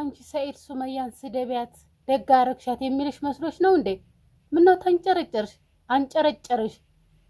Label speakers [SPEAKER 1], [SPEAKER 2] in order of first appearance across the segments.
[SPEAKER 1] አንቺ ሰኢድ ሱመያን ስደቢያት ደጋ ረግሻት የሚልሽ መስሎች ነው እንዴ? ምነው ተንጨረጨርሽ? አንጨረጨርሽ?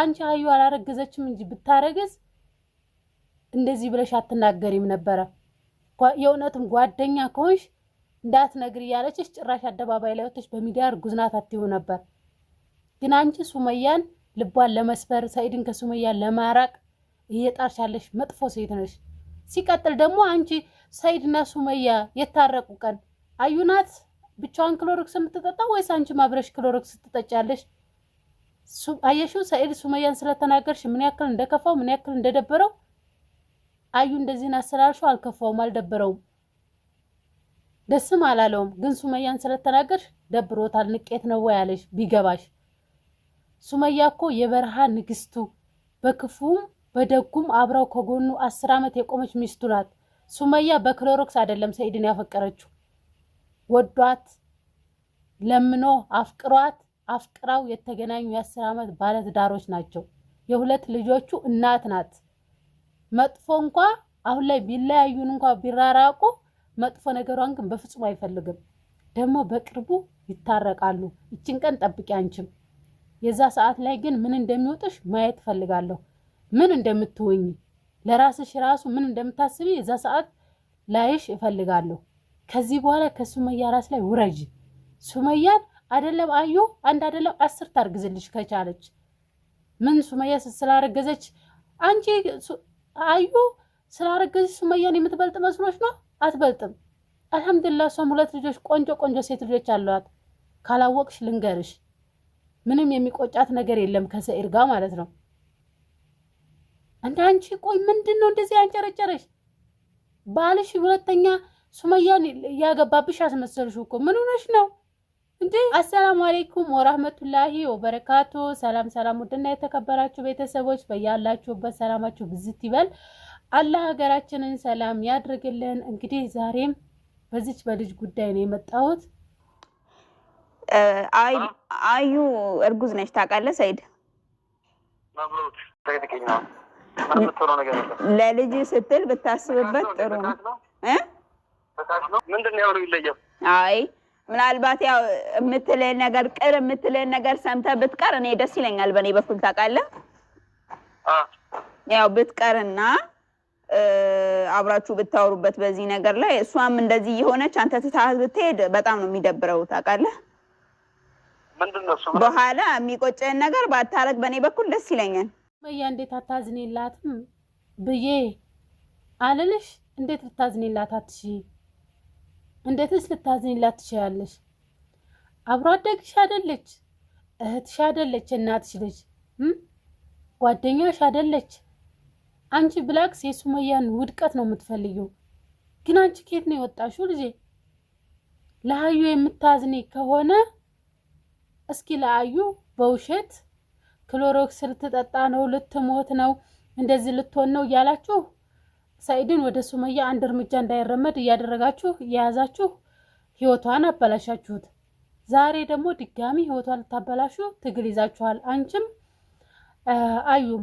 [SPEAKER 1] አንቺ አዩ አላረገዘችም እንጂ ብታረግዝ እንደዚህ ብለሽ አትናገሪም ነበረ። የእውነትም ጓደኛ ከሆንሽ እንዳትነግሪ እያለችሽ ጭራሽ አደባባይ ላይ ወጥተሽ በሚዲያ እርጉዝ ናት አትይው ነበር። ግን አንቺ ሱመያን ልቧን ለመስበር ሰኢድን ከሱመያን ለማራቅ እየጣርሻለሽ መጥፎ ሴት ነሽ። ሲቀጥል ደግሞ አንቺ ሰይድና ሱመያ የታረቁ ቀን አዩ ናት ብቻዋን ክሎሮክስ የምትጠጣ ወይስ አንቺም አብረሽ ክሎሮክስ ትጠጫለሽ? አየሽው ሰይድ ሱመያን ስለተናገርሽ ምን ያክል እንደከፋው ምን ያክል እንደደበረው። አዩ እንደዚህን አሰላልሽው አልከፋውም፣ አልደበረውም፣ ደስም አላለውም። ግን ሱመያን ስለተናገርሽ ደብሮታል። ንቄት ነው ያለሽ ቢገባሽ። ሱመያ እኮ የበረሃ ንግስቱ፣ በክፉም በደጉም አብረው ከጎኑ አስር ዓመት የቆመች ሚስቱ ናት። ሱመያ በክሎሮክስ አይደለም ሰኢድን ያፈቀረችው፣ ወዷት ለምኖ አፍቅሯት አፍቅራው የተገናኙ የአስር ዓመት ባለትዳሮች ናቸው። የሁለት ልጆቹ እናት ናት። መጥፎ እንኳ አሁን ላይ ቢለያዩን እንኳ ቢራራቁ መጥፎ ነገሯን ግን በፍጹም አይፈልግም። ደግሞ በቅርቡ ይታረቃሉ። ይችን ቀን ጠብቂ አንቺም። የዛ ሰዓት ላይ ግን ምን እንደሚወጥሽ ማየት እፈልጋለሁ፣ ምን እንደምትወኝ ለራስሽ ራሱ ምን እንደምታስቢ የዛ ሰዓት ላይሽ እፈልጋለሁ። ከዚህ በኋላ ከሱመያ ራስ ላይ ውረጅ። ሱመያን አይደለም አዩ አንድ አደለም አስር ታርግዝልሽ ከቻለች። ምን ሱመያ ስላረገዘች አንቺ አዩ ስላረገዘች ሱመያን የምትበልጥ መስሎች ነው? አትበልጥም። አልሐምዱላ እሷም ሁለት ልጆች ቆንጆ ቆንጆ ሴት ልጆች አለዋት። ካላወቅሽ ልንገርሽ፣ ምንም የሚቆጫት ነገር የለም ከሰኢድ ጋር ማለት ነው። እንደ አንቺ ቆይ ምንድን ነው እንደዚህ አንጨረጨረሽ? ባልሽ ሁለተኛ ሱመያን እያገባብሽ አስመሰልሽ እኮ ምን ሆነሽ ነው እንዴ? አሰላሙ አሌይኩም ወራህመቱላሂ ወበረካቱ። ሰላም ሰላም፣ ውድና የተከበራችሁ ቤተሰቦች በያላችሁበት ሰላማችሁ ብዝት ይበል። አላህ ሀገራችንን ሰላም ያድርግልን። እንግዲህ ዛሬም በዚች በልጅ ጉዳይ ነው የመጣሁት።
[SPEAKER 2] አዩ እርጉዝ ነች ታውቃለህ ሰይድ ለልጅ ስትል ብታስብበት ጥሩ ነው።
[SPEAKER 3] ምንድን ነው የሚለየው?
[SPEAKER 2] አይ ምናልባት ያው የምትልህን ነገር ቅር የምትልህን ነገር ሰምተህ ብትቀር እኔ ደስ ይለኛል። በእኔ በኩል ታውቃለህ፣ ያው ብትቀርና አብራችሁ ብታወሩበት በዚህ ነገር ላይ እሷም እንደዚህ የሆነች አንተ ትታት ብትሄድ በጣም ነው የሚደብረው። ታውቃለህ፣ በኋላ የሚቆጨህን ነገር ባታረግ በእኔ በኩል ደስ ይለኛል።
[SPEAKER 1] መያ እንዴት አታዝኔላትም ብዬ አልልሽ? እንዴት ልታዝኔላት አትሺ? እንዴትስ ልታዝኔላት ትችያለሽ? አብሮ አደግሽ አደለች? እህትሽ አደለች? እናትሽ ልጅ ጓደኛሽ አደለች? አንቺ ብላክስ የሱመያን ውድቀት ነው የምትፈልጊው። ግን አንቺ ኬት ነው የወጣሽው ልጄ? ለአዩ የምታዝኔ ከሆነ እስኪ ለአዩ በውሸት ክሎሮክስ ልትጠጣ ነው፣ ልትሞት ነው፣ እንደዚህ ልትሆን ነው እያላችሁ ሳይድን ወደ ሱመያ አንድ እርምጃ እንዳይረመድ እያደረጋችሁ የያዛችሁ ህይወቷን አበላሻችሁት። ዛሬ ደግሞ ድጋሚ ህይወቷን ልታበላሹ ትግል ይዛችኋል። አንቺም አዩም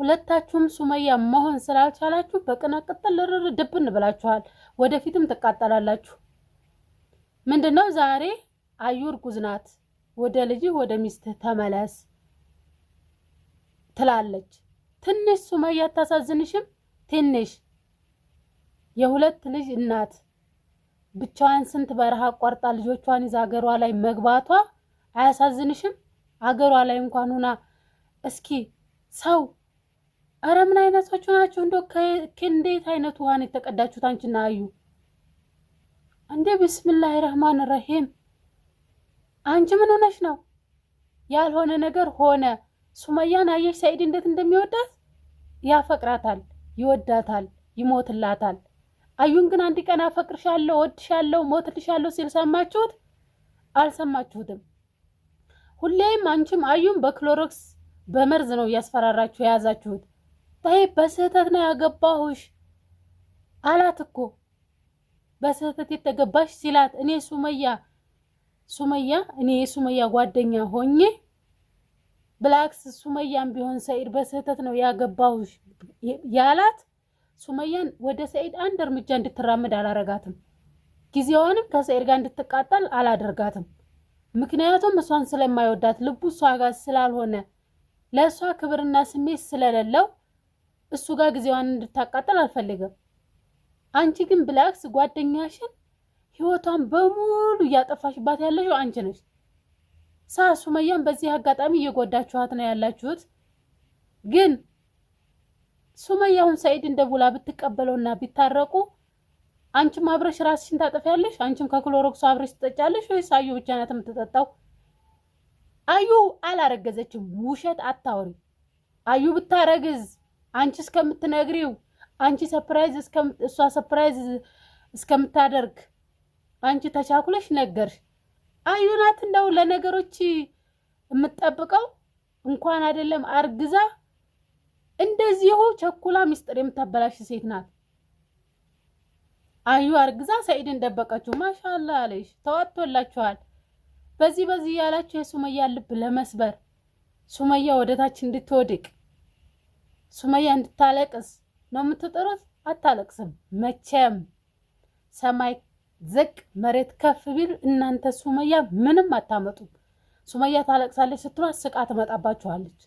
[SPEAKER 1] ሁለታችሁም ሱመያ መሆን ስላልቻላችሁ በቅናቅጠል ልርር ድብን ብላችኋል። ወደፊትም ትቃጠላላችሁ። ምንድነው ዛሬ አዩ እርጉዝ ናት። ወደ ልጅህ ወደ ሚስትህ ተመለስ ትላለች። ትንሽ ሱመያ አታሳዝንሽም? ትንሽ የሁለት ልጅ እናት ብቻዋን ስንት በረሃ አቋርጣ ልጆቿን ይዛ አገሯ ላይ መግባቷ አያሳዝንሽም? አገሯ ላይ እንኳን ሁና እስኪ ሰው አረ ምን አይነቶቹ ናቸው? እንዶ ከእንዴት አይነቱ ውሃን የተቀዳችሁት አንቺና አዩ እንዴ! ብስምላህ ረህማን ረሂም። አንቺ ምን ሆነሽ ነው? ያልሆነ ነገር ሆነ። ሱመያን አየሽ ሰኢድ እንዴት እንደሚወዳት ያፈቅራታል፣ ይወዳታል፣ ይሞትላታል። አዩን ግን አንድ ቀን አፈቅርሻለሁ፣ ወድሻለሁ፣ ሞትልሻለሁ ሲል ሰማችሁት? አልሰማችሁትም። ሁሌም አንቺም አዩን በክሎሮክስ በመርዝ ነው እያስፈራራችሁ የያዛችሁት። ታይ በስህተት ነው ያገባሁሽ አላት እኮ በስህተት የተገባሽ ሲላት እኔ ሱመያ ሱመያ እኔ የሱመያ ጓደኛ ሆኜ ብላክስ ሱመያን ቢሆን ሰኢድ በስህተት ነው ያገባሁሽ ያላት ሱመያን ወደ ሰኢድ አንድ እርምጃ እንድትራምድ አላረጋትም። ጊዜዋንም ከሰኢድ ጋር እንድትቃጣል አላደርጋትም። ምክንያቱም እሷን ስለማይወዳት ልቡ እሷ ጋር ስላልሆነ ለእሷ ክብርና ስሜት ስለሌለው እሱ ጋር ጊዜዋን እንድታቃጠል አልፈልግም። አንቺ ግን ብላክስ ጓደኛሽን ህይወቷን በሙሉ እያጠፋሽባት ያለሽው አንቺ ነች። ሱመያን በዚህ አጋጣሚ እየጎዳችኋት ነው ያላችሁት። ግን ሱመያውን አሁን ሰኢድን ብትቀበለውና ቢታረቁ አንቺም አብረሽ ራስሽን ታጠፊያለሽ፣ አንቺም ከክሎሮክሱ አብረሽ ትጠጫለሽ ወይስ አዩ ብቻ ናት የምትጠጣው? አዩ አላረገዘችም። ውሸት አታውሪ። አዩ ብታረግዝ አንቺ እስከምትነግሪው አንቺ ሰፕራይዝ እሷ ሰፕራይዝ እስከምታደርግ አንቺ ተቻኩለሽ ነገርሽ። አዩናት እንደው ለነገሮች የምትጠብቀው እንኳን አይደለም አርግዛ እንደዚሁ ቸኩላ ሚስጥር የምታበላሽ ሴት ናት። አዩ አርግዛ ሰኢድን ደበቀችው። ማሻላ አለሽ ተዋጥቶላችኋል። በዚህ በዚህ ያላችሁ የሱመያ ልብ ለመስበር ሱመያ ወደታች እንድትወድቅ ሱመያ እንድታለቅስ ነው የምትጥሩት። አታለቅስም መቼም ሰማይ ዝቅ መሬት ከፍ ቢል እናንተ ሱመያ ምንም አታመጡም። ሱመያ ታለቅሳለች ስትሏት ስቃ ትመጣባችኋለች።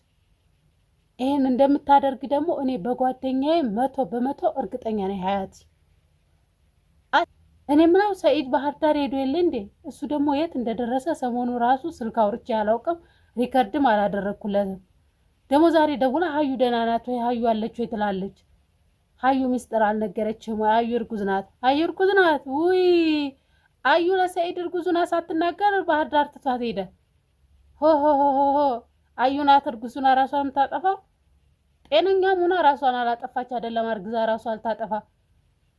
[SPEAKER 1] ይህን እንደምታደርግ ደግሞ እኔ በጓደኛዬ መቶ በመቶ እርግጠኛ ነኝ። ሀያት እኔ ምናው ሰኢድ ባህር ዳር ሄዶ የለ እንዴ? እሱ ደግሞ የት እንደደረሰ ሰሞኑ ራሱ ስልክ አውርቼ አላውቅም፣ ሪከርድም አላደረግኩለትም። ደግሞ ዛሬ ደውላ ሀዩ ደህና ናት ወይ ሀዩ አለች ወይ ትላለች። ሀዩ ሚስጥር አልነገረችም ወይ? አዩ እርጉዝ ናት። አዩ እርጉዝ ናት። ውይ አዩ ለሰኢድ እርጉዙና ሳትናገር ባህር ዳር ትቷት ሄደ። ሆሆሆሆ አዩ ናት እርጉዙና ራሷን የምታጠፋው። ጤነኛም ሆና ራሷን አላጠፋች አይደለም፣ አርግዛ ራሷ አልታጠፋ።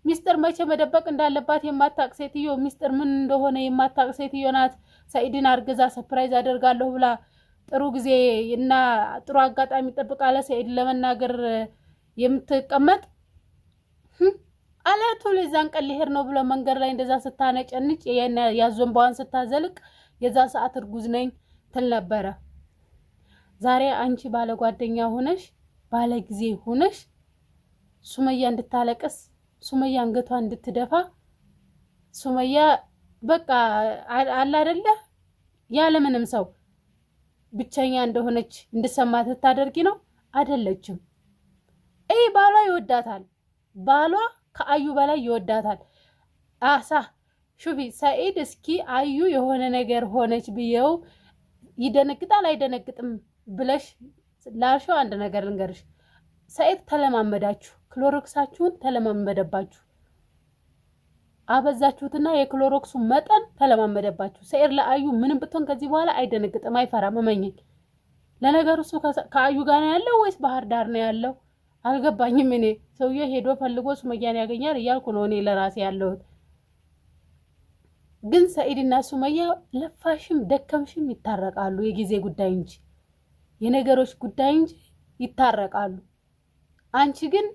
[SPEAKER 1] ሚስጥር መቼ መደበቅ እንዳለባት የማታቅ ሴትዮ፣ ሚስጥር ምን እንደሆነ የማታቅ ሴትዮ ናት። ሰኢድን አርግዛ ሰፕራይዝ አደርጋለሁ ብላ ጥሩ ጊዜ እና ጥሩ አጋጣሚ ጠብቃ ለሰኢድ ለመናገር የምትቀመጥ አላቶ ለዛን ቀን ሊሄድ ነው ብሎ መንገድ ላይ እንደዛ ስታነጨንጭ ያዞንባዋን ስታዘልቅ የዛ ሰዓት እርጉዝ ነኝ ትል ነበረ። ዛሬ አንቺ ባለ ጓደኛ ሆነሽ ባለ ጊዜ ሆነሽ ሱመያ እንድታለቅስ ሱመያ አንገቷ እንድትደፋ ሱመያ በቃ አለ አይደለ ያለምንም ሰው ብቸኛ እንደሆነች እንድሰማ ትታደርጊ ነው። አይደለችም። ይህ ባሏ ይወዳታል። ባሏ ከአዩ በላይ ይወዳታል። አሳ ሹፊ ሰኢድ እስኪ አዩ የሆነ ነገር ሆነች ብየው ይደነግጣል አይደነግጥም ብለሽ ላሾ አንድ ነገር ልንገርሽ። ሰኢድ ተለማመዳችሁ፣ ክሎሮክሳችሁን ተለማመደባችሁ፣ አበዛችሁትና የክሎሮክሱ መጠን ተለማመደባችሁ። ሰኢድ ለአዩ ምንም ብትሆን ከዚህ በኋላ አይደነግጥም፣ አይፈራም። እመኝኝ። ለነገሩ እሱ ከአዩ ጋር ነው ያለው ወይስ ባህር ዳር ነው ያለው? አልገባኝም። እኔ ሰውዬ ሄዶ ፈልጎ ሱመያን ያገኛል እያልኩ ነው እኔ ለራሴ ያለሁት። ግን ሰኢድና ሱመያ ለፋሽም ደከምሽም ይታረቃሉ። የጊዜ ጉዳይ እንጂ የነገሮች ጉዳይ እንጂ ይታረቃሉ። አንቺ ግን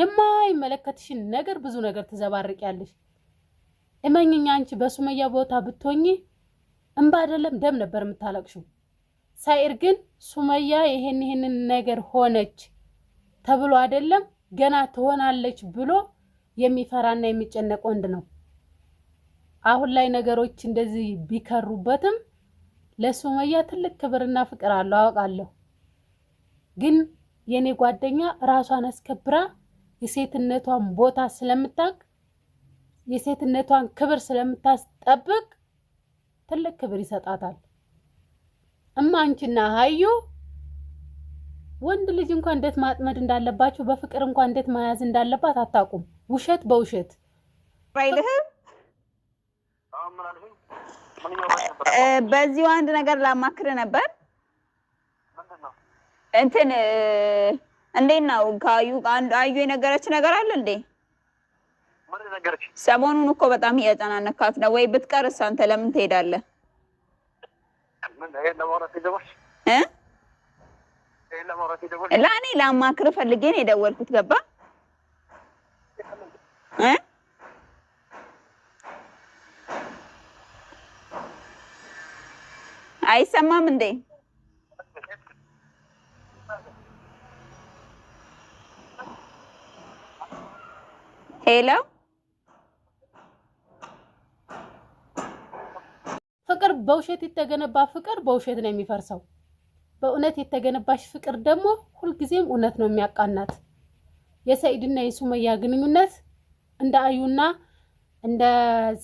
[SPEAKER 1] የማይመለከትሽን ነገር ብዙ ነገር ትዘባርቂያለሽ። እመኝኛ አንቺ በሱመያ ቦታ ብትሆኚ እምባ አይደለም ደም ነበር የምታለቅሽው። ሳይር ግን ሱመያ ይሄን ይሄንን ነገር ሆነች ተብሎ አይደለም ገና ትሆናለች ብሎ የሚፈራና የሚጨነቅ ወንድ ነው። አሁን ላይ ነገሮች እንደዚህ ቢከሩበትም ለሱመያ ትልቅ ክብርና ፍቅር አለው አውቃለሁ። ግን የኔ ጓደኛ ራሷን አስከብራ የሴትነቷን ቦታ ስለምታውቅ የሴትነቷን ክብር ስለምታስጠብቅ ትልቅ ክብር ይሰጣታል። እማ አንቺና ሀዩ ወንድ ልጅ እንኳን እንዴት ማጥመድ እንዳለባችሁ በፍቅር እንኳን እንዴት መያዝ እንዳለባት አታውቁም። ውሸት በውሸት
[SPEAKER 2] አይልህም። በዚሁ አንድ ነገር ላማክር ነበር። እንትን እንዴት ነው ከአዩ አዩ የነገረች ነገር አለ እንዴ? ሰሞኑን እኮ በጣም እያጨናነካት ነው። ወይ ብትቀርስ አንተ ለምን ትሄዳለህ? ለእኔ ላማክር ፈልጌ ነው የደወልኩት። ገባ አይሰማም እንዴ? ሄሎ
[SPEAKER 1] ፍቅር በውሸት የተገነባ ፍቅር በውሸት ነው የሚፈርሰው። በእውነት የተገነባሽ ፍቅር ደግሞ ሁልጊዜም እውነት ነው የሚያቃናት። የሰኢድና የሱመያ ግንኙነት እንደ አዩና እንደ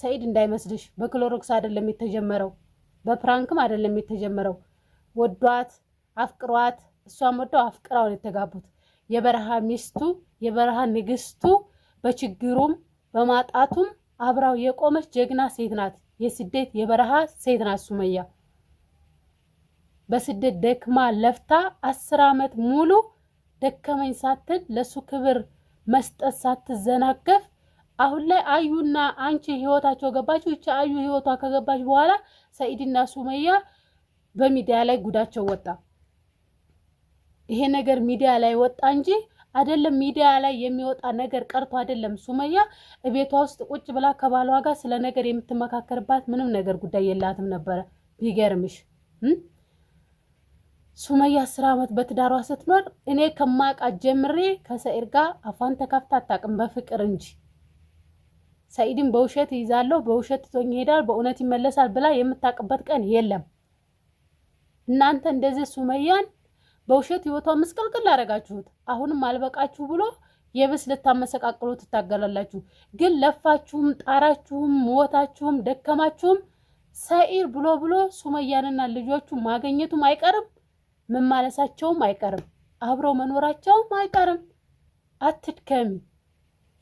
[SPEAKER 1] ሰኢድ እንዳይመስልሽ። በክሎሮክስ አይደለም የተጀመረው፣ በፕራንክም አይደለም የተጀመረው። ወዷት አፍቅሯት፣ እሷም ወደው አፍቅራውን የተጋቡት የበረሃ ሚስቱ የበረሃ ንግስቱ፣ በችግሩም በማጣቱም አብራው የቆመች ጀግና ሴት ናት። የስደት የበረሃ ሴት ናት ሱመያ። በስደት ደክማ ለፍታ አስር ዓመት ሙሉ ደከመኝ ሳትል ለሱ ክብር መስጠት ሳትዘናገፍ አሁን ላይ አዩና አንቺ ህይወታቸው ገባችሁ። ይቺ አዩ ህይወቷ ከገባች በኋላ ሰኢድና ሱመያ በሚዲያ ላይ ጉዳቸው ወጣ። ይሄ ነገር ሚዲያ ላይ ወጣ እንጂ አይደለም ሚዲያ ላይ የሚወጣ ነገር ቀርቶ አይደለም። ሱመያ እቤቷ ውስጥ ቁጭ ብላ ከባሏ ጋር ስለ ነገር የምትመካከርባት ምንም ነገር ጉዳይ የላትም ነበረ ቢገርምሽ ሱመያ አስር ዓመት በትዳሯ ስትኖር እኔ ከማቃት ጀምሬ ከሰኢድ ጋር አፏን ተከፍታ አታውቅም፣ በፍቅር እንጂ ሰኢድን በውሸት ይዛለሁ፣ በውሸት ትቶኝ ይሄዳል፣ በእውነት ይመለሳል ብላ የምታውቅበት ቀን የለም። እናንተ እንደዚህ ሱመያን በውሸት ህይወቷ ምስቅልቅል አደረጋችሁት። አሁንም አልበቃችሁ ብሎ የብስ ልታመሰቃቅሉ ትታገላላችሁ። ግን ለፋችሁም፣ ጣራችሁም፣ ሞታችሁም፣ ደከማችሁም ሰኢድ ብሎ ብሎ ሱመያንና ልጆቹ ማገኘቱም አይቀርም መማለሳቸውም አይቀርም፣ አብረው መኖራቸውም አይቀርም። አትድከሚ፣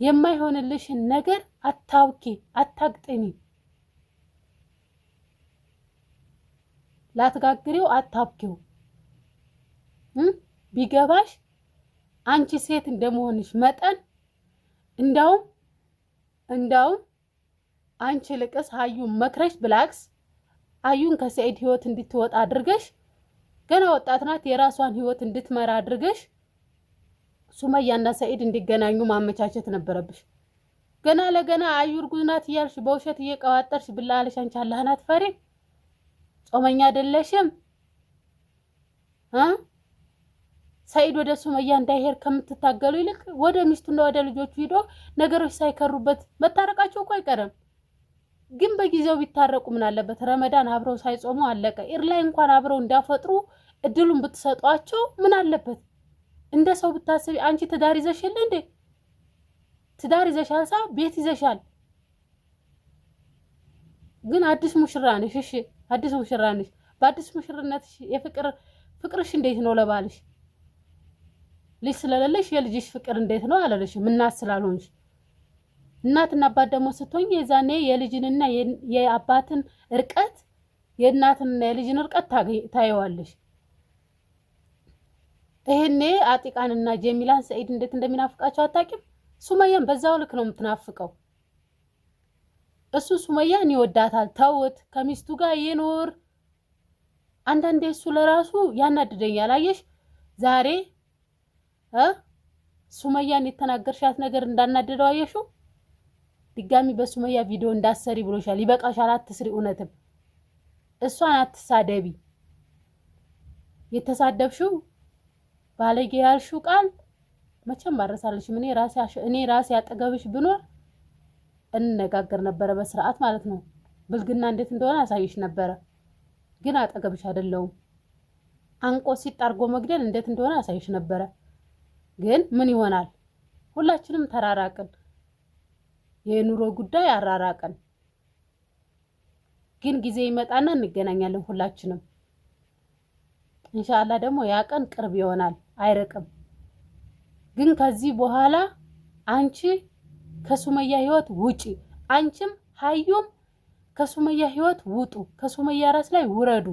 [SPEAKER 1] የማይሆንልሽን ነገር አታውኪ፣ አታግጥኒ፣ ላትጋግሪው አታብኪው። ቢገባሽ አንቺ ሴት እንደመሆንሽ መጠን እንዳውም እንዳውም አንቺ ልቅስ አዩን መክረሽ ብላክስ አዩን ከሰኢድ ህይወት እንድትወጣ አድርገሽ ገና ወጣት ናት። የራሷን ህይወት እንድትመራ አድርገሽ ሱመያና ሰኢድ እንዲገናኙ ማመቻቸት ነበረብሽ። ገና ለገና አዩ እርጉዝ ናት እያልሽ በውሸት እየቀዋጠርሽ ብላለሽ። አንቺ አላህን አትፈሪም? ጾመኛ አይደለሽም? ሰኢድ ወደ ሱመያ እንዳይሄድ ከምትታገሉ ይልቅ ወደ ሚስቱና ወደ ልጆቹ ሂዶ ነገሮች ሳይከሩበት መታረቃቸው እኮ አይቀርም። ግን በጊዜው ቢታረቁ ምን አለበት? ረመዳን አብረው ሳይጾሙ አለቀ። ኢድ ላይ እንኳን አብረው እንዳፈጥሩ እድሉን ብትሰጧቸው ምን አለበት? እንደ ሰው ብታስቢ። አንቺ ትዳር ይዘሽ እንዴ? ትዳር ይዘሻል፣ ሳ ቤት ይዘሻል። ግን አዲስ ሙሽራ ነሽ። እሺ አዲስ ሙሽራ ነሽ። በአዲስ ሙሽርነትሽ የፍቅር ፍቅርሽ እንዴት ነው ለባልሽ? ልጅ ስለሌለሽ የልጅሽ ፍቅር እንዴት ነው አላለሽም። እናት ስላልሆንሽ እናትና አባት ደግሞ ስትሆኝ የዛኔ የልጅንና የአባትን እርቀት የእናትንና የልጅን እርቀት ታየዋለሽ። ይሄኔ አጢቃንና ጀሚላን ሰኢድ እንዴት እንደሚናፍቃቸው አታውቂም። ሱመያን በዛው ልክ ነው የምትናፍቀው። እሱ ሱመያን ይወዳታል። ተውት፣ ከሚስቱ ጋር ይኖር። አንዳንዴ እሱ ለራሱ ያናድደኛል። አየሽ ዛሬ እ ሱመያን የተናገርሻት ነገር እንዳናደደው አየሽው። ድጋሚ በሱመያ ቪዲዮ እንዳሰሪ ብሎሻል። ይበቃሻል፣ አትስሪ። እውነትም እሷን አትሳደቢ። የተሳደብሽው ባለጌ ያልሽው ቃል መቼም አረሳለሽም። እኔ ራሴ እኔ ራሴ አጠገብሽ ብኖር እንነጋገር ነበረ በስርዓት ማለት ነው። ብልግና እንዴት እንደሆነ አሳይሽ ነበረ፣ ግን አጠገብሽ አይደለሁም። አንቆ ሲጣርጎ መግደል እንዴት እንደሆነ አሳይሽ ነበረ፣ ግን ምን ይሆናል ሁላችንም ተራራቅን። የኑሮ ጉዳይ አራራቅን፣ ግን ጊዜ ይመጣና እንገናኛለን ሁላችንም። እንሻላ ደግሞ ያ ቀን ቅርብ ይሆናል አይርቅም። ግን ከዚህ በኋላ አንቺ ከሱመያ ህይወት ውጪ፣ አንቺም ሀዩም ከሱመያ ህይወት ውጡ፣ ከሱመያ ራስ ላይ ውረዱ።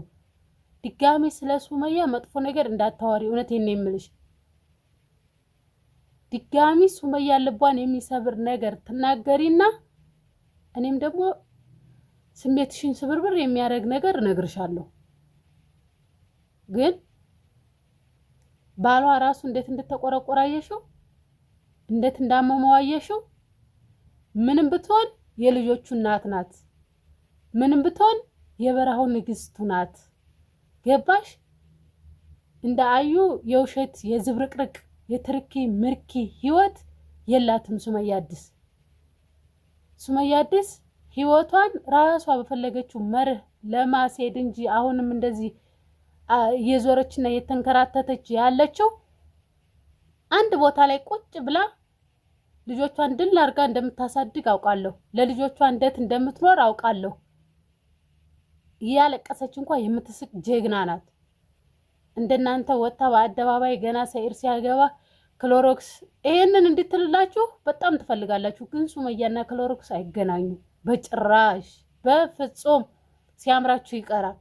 [SPEAKER 1] ድጋሚ ስለ ሱመያ መጥፎ ነገር እንዳታወሪ። እውነቴን ነው የምልሽ። ድጋሚ ሱመያ ልቧን የሚሰብር ነገር ትናገሪና እኔም ደግሞ ስሜትሽን ስብርብር የሚያደርግ ነገር እነግርሻለሁ። ግን ባሏ ራሱ እንዴት እንደተቆረቆረ አየሽው፣ እንዴት እንዳመመው አየሽው። ምንም ብትሆን የልጆቹ እናት ናት። ምንም ብትሆን የበረሃው ንግስቱ ናት። ገባሽ? እንደ አዩ የውሸት የዝብርቅርቅ የትርኪ ምርኪ ህይወት የላትም ሱመያ አዲስ። ሱመያ አዲስ ህይወቷን ራሷ በፈለገችው መርህ ለማስሄድ እንጂ አሁንም እንደዚህ የዞረችና የተንከራተተች ያለችው አንድ ቦታ ላይ ቁጭ ብላ ልጆቿን ድል አድርጋ እንደምታሳድግ አውቃለሁ። ለልጆቿ እንዴት እንደምትኖር አውቃለሁ። እያለቀሰች እንኳ የምትስቅ ጀግና ናት። እንደናንተ ወጥታ በአደባባይ ገና ሰኢድ ሲያገባ ክሎሮክስ ይህንን እንድትልላችሁ በጣም ትፈልጋላችሁ። ግን ሱመያና ክሎሮክስ አይገናኙ በጭራሽ በፍጹም። ሲያምራችሁ ይቀራል።